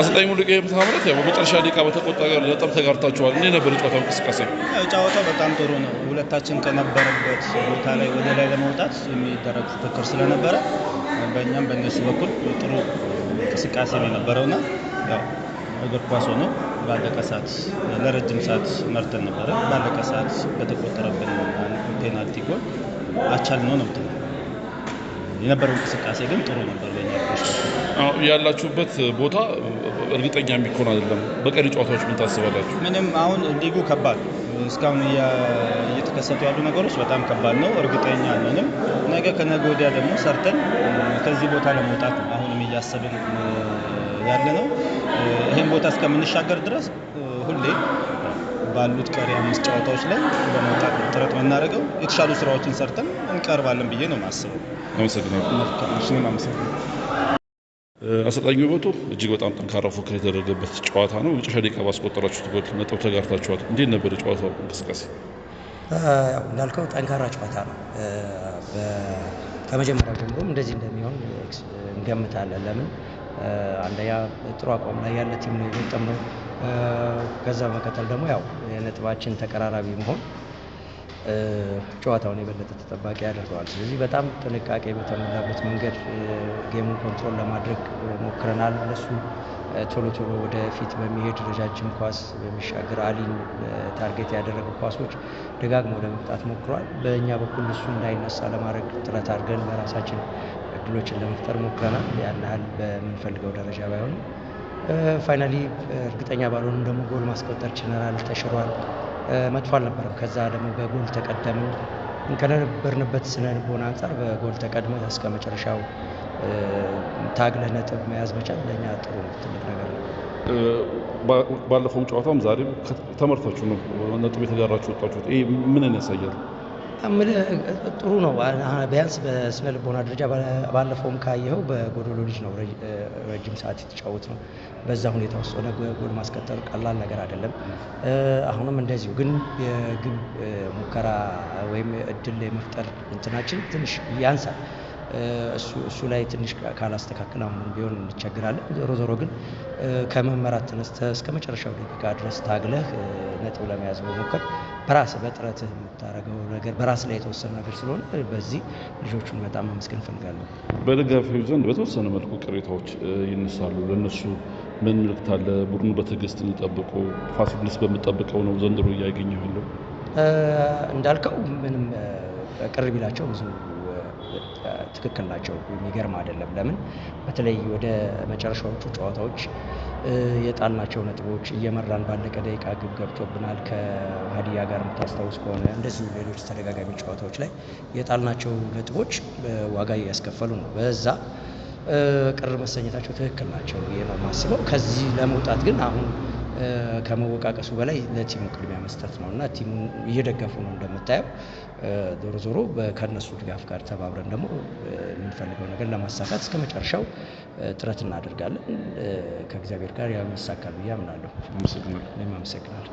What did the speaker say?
አሰልጣኝ ሙሉቀ የምታምረት ያው በመጨረሻ ደቂቃ በተቆጣ ጋር ለጣም ተጋርታችኋል። እኔ ነበር የጨዋታ እንቅስቃሴ? ጨዋታው በጣም ጥሩ ነው። ሁለታችን ከነበረበት ቦታ ላይ ወደ ላይ ለመውጣት የሚደረግ ፍክክር ስለነበረ በእኛም በእነሱ በኩል ጥሩ እንቅስቃሴ ነው የነበረውና ያው እግር ኳስ ሆኖ ባለቀ ሰዓት ለረጅም ሰዓት መርተን ነበረ። ባለቀ ሰዓት በተቆጠረብን ፔናልቲ ጎል አቻል ነው ነው የነበረው እንቅስቃሴ ግን ጥሩ ነበር። ያላችሁበት ቦታ እርግጠኛ የሚኮን አይደለም። በቀሪ ጨዋታዎች ምን ታስባላችሁ? ምንም አሁን ሊጉ ከባድ እስካሁን እየተከሰቱ ያሉ ነገሮች በጣም ከባድ ነው። እርግጠኛ አልሆንም። ነገ ከነገ ወዲያ ደግሞ ሰርተን ከዚህ ቦታ ለመውጣት ነው አሁንም እያሰብን ያለ ነው። ይህን ቦታ እስከምንሻገር ድረስ ሁሌ ባሉት ቀሪ አምስት ጨዋታዎች ላይ በመውጣት ጥረት የምናደርገው የተሻሉ ስራዎችን ሰርተን እንቀርባለን ብዬ ነው የማስበው። አመሰግናለሁ። እኔም አመሰግናለሁ። አሰልጣኝ ውበቱ እጅግ በጣም ጠንካራ ፉክክር የተደረገበት ጨዋታ ነው። መጨረሻ ደቂቃ ባስቆጠራችሁት ጎል ነጥብ ተጋርታችኋል። እንዴት ነበር የጨዋታው እንቅስቃሴ? እንዳልከው ጠንካራ ጨዋታ ነው። ከመጀመሪያ ጀምሮም እንደዚህ እንደሚሆን እንገምታለን። ለምን አንደኛ ጥሩ አቋም ላይ ያለ ቲም ነው የገጠመው። ከዛ መቀጠል ደግሞ ያው የነጥባችን ተቀራራቢ መሆን ጨዋታውን የበለጠ ተጠባቂ ያደርገዋል። ስለዚህ በጣም ጥንቃቄ በተሞላበት መንገድ ጌሙን ኮንትሮል ለማድረግ ሞክረናል። እነሱ ቶሎ ቶሎ ወደፊት በሚሄድ ረጃጅም ኳስ በሚሻገር አሊን ታርጌት ያደረጉ ኳሶች ደጋግመው ለመምጣት ሞክረዋል። በእኛ በኩል እሱ እንዳይነሳ ለማድረግ ጥረት አድርገን በራሳችን እድሎችን ለመፍጠር ሞክረናል። ያን ያህል በምንፈልገው ደረጃ ባይሆንም ፋይናሊ እርግጠኛ ባልሆንም ደግሞ ጎል ማስቆጠር ችለናል። ተሽሯል። መጥፎ አልነበረም። ከዛ ደግሞ በጎል ተቀደምን። ከነበርንበት ስነ ልቦና አንጻር በጎል ተቀድመ እስከ መጨረሻው ታግለ ነጥብ መያዝ መቻል ለእኛ ጥሩ ትልቅ ነገር ነው። ባለፈውም ጨዋታም ዛሬም ተመርታችሁ ነው ነጥብ የተጋራችሁ ወጣችሁት። ይህ ምንን ያሳያል? ጥሩ ነው። ቢያንስ በስነ ልቦና ደረጃ ባለፈውም ካየኸው በጎዶሎ ልጅ ነው ረጅም ሰዓት የተጫወት ነው። በዛ ሁኔታ ውስጥ ሆነ ጎል ማስቆጠር ቀላል ነገር አይደለም። አሁንም እንደዚሁ ግን የግብ ሙከራ ወይም እድል የመፍጠር እንትናችን ትንሽ ያንሳል። እሱ ላይ ትንሽ ካላስተካከል አሁንም ቢሆን እንቸገራለን። ዞሮ ዞሮ ግን ከመመራት ተነስተ እስከ መጨረሻው ደቂቃ ድረስ ታግለህ ነጥብ ለመያዝ መሞከር በራስ በጥረት የምታደርገው ነገር በራስ ላይ የተወሰነ ነገር ስለሆነ በዚህ ልጆቹን በጣም ማመስገን እንፈልጋለን። በደጋፊው ዘንድ በተወሰነ መልኩ ቅሬታዎች ይነሳሉ። ለእነሱ ምን ምልክት አለ? ቡድኑ በትዕግስት እንጠብቁ፣ ፋሲልስ በምጠብቀው ነው ዘንድሮ እያገኘ ያለው እንዳልከው ምንም ቅር ቢላቸው ብዙ ትክክል ናቸው። የሚገርም አይደለም። ለምን በተለይ ወደ መጨረሻዎቹ ጨዋታዎች የጣልናቸው ነጥቦች እየመራን ባለቀ ደቂቃ ግብ ገብቶብናል ከሀዲያ ጋር የምታስታውስ ከሆነ እንደዚሁ ሌሎች ተደጋጋሚ ጨዋታዎች ላይ የጣልናቸው ነጥቦች ዋጋ እያስከፈሉ ነው። በዛ ቅር መሰኘታቸው ትክክል ናቸው ነው የማስበው። ከዚህ ለመውጣት ግን አሁን ከመወቃቀሱ በላይ ለቲሙ ቅድሚያ መስጠት ነው እና ቲሙ እየደገፉ ነው እንደምታየው። ዞሮ ዞሮ ከእነሱ ድጋፍ ጋር ተባብረን ደግሞ የምንፈልገው ነገር ለማሳካት እስከ መጨረሻው ጥረት እናደርጋለን። ከእግዚአብሔር ጋር ያው ይሳካል ብዬ አምናለሁ። አመሰግናለሁ። እኔም አመሰግናለሁ።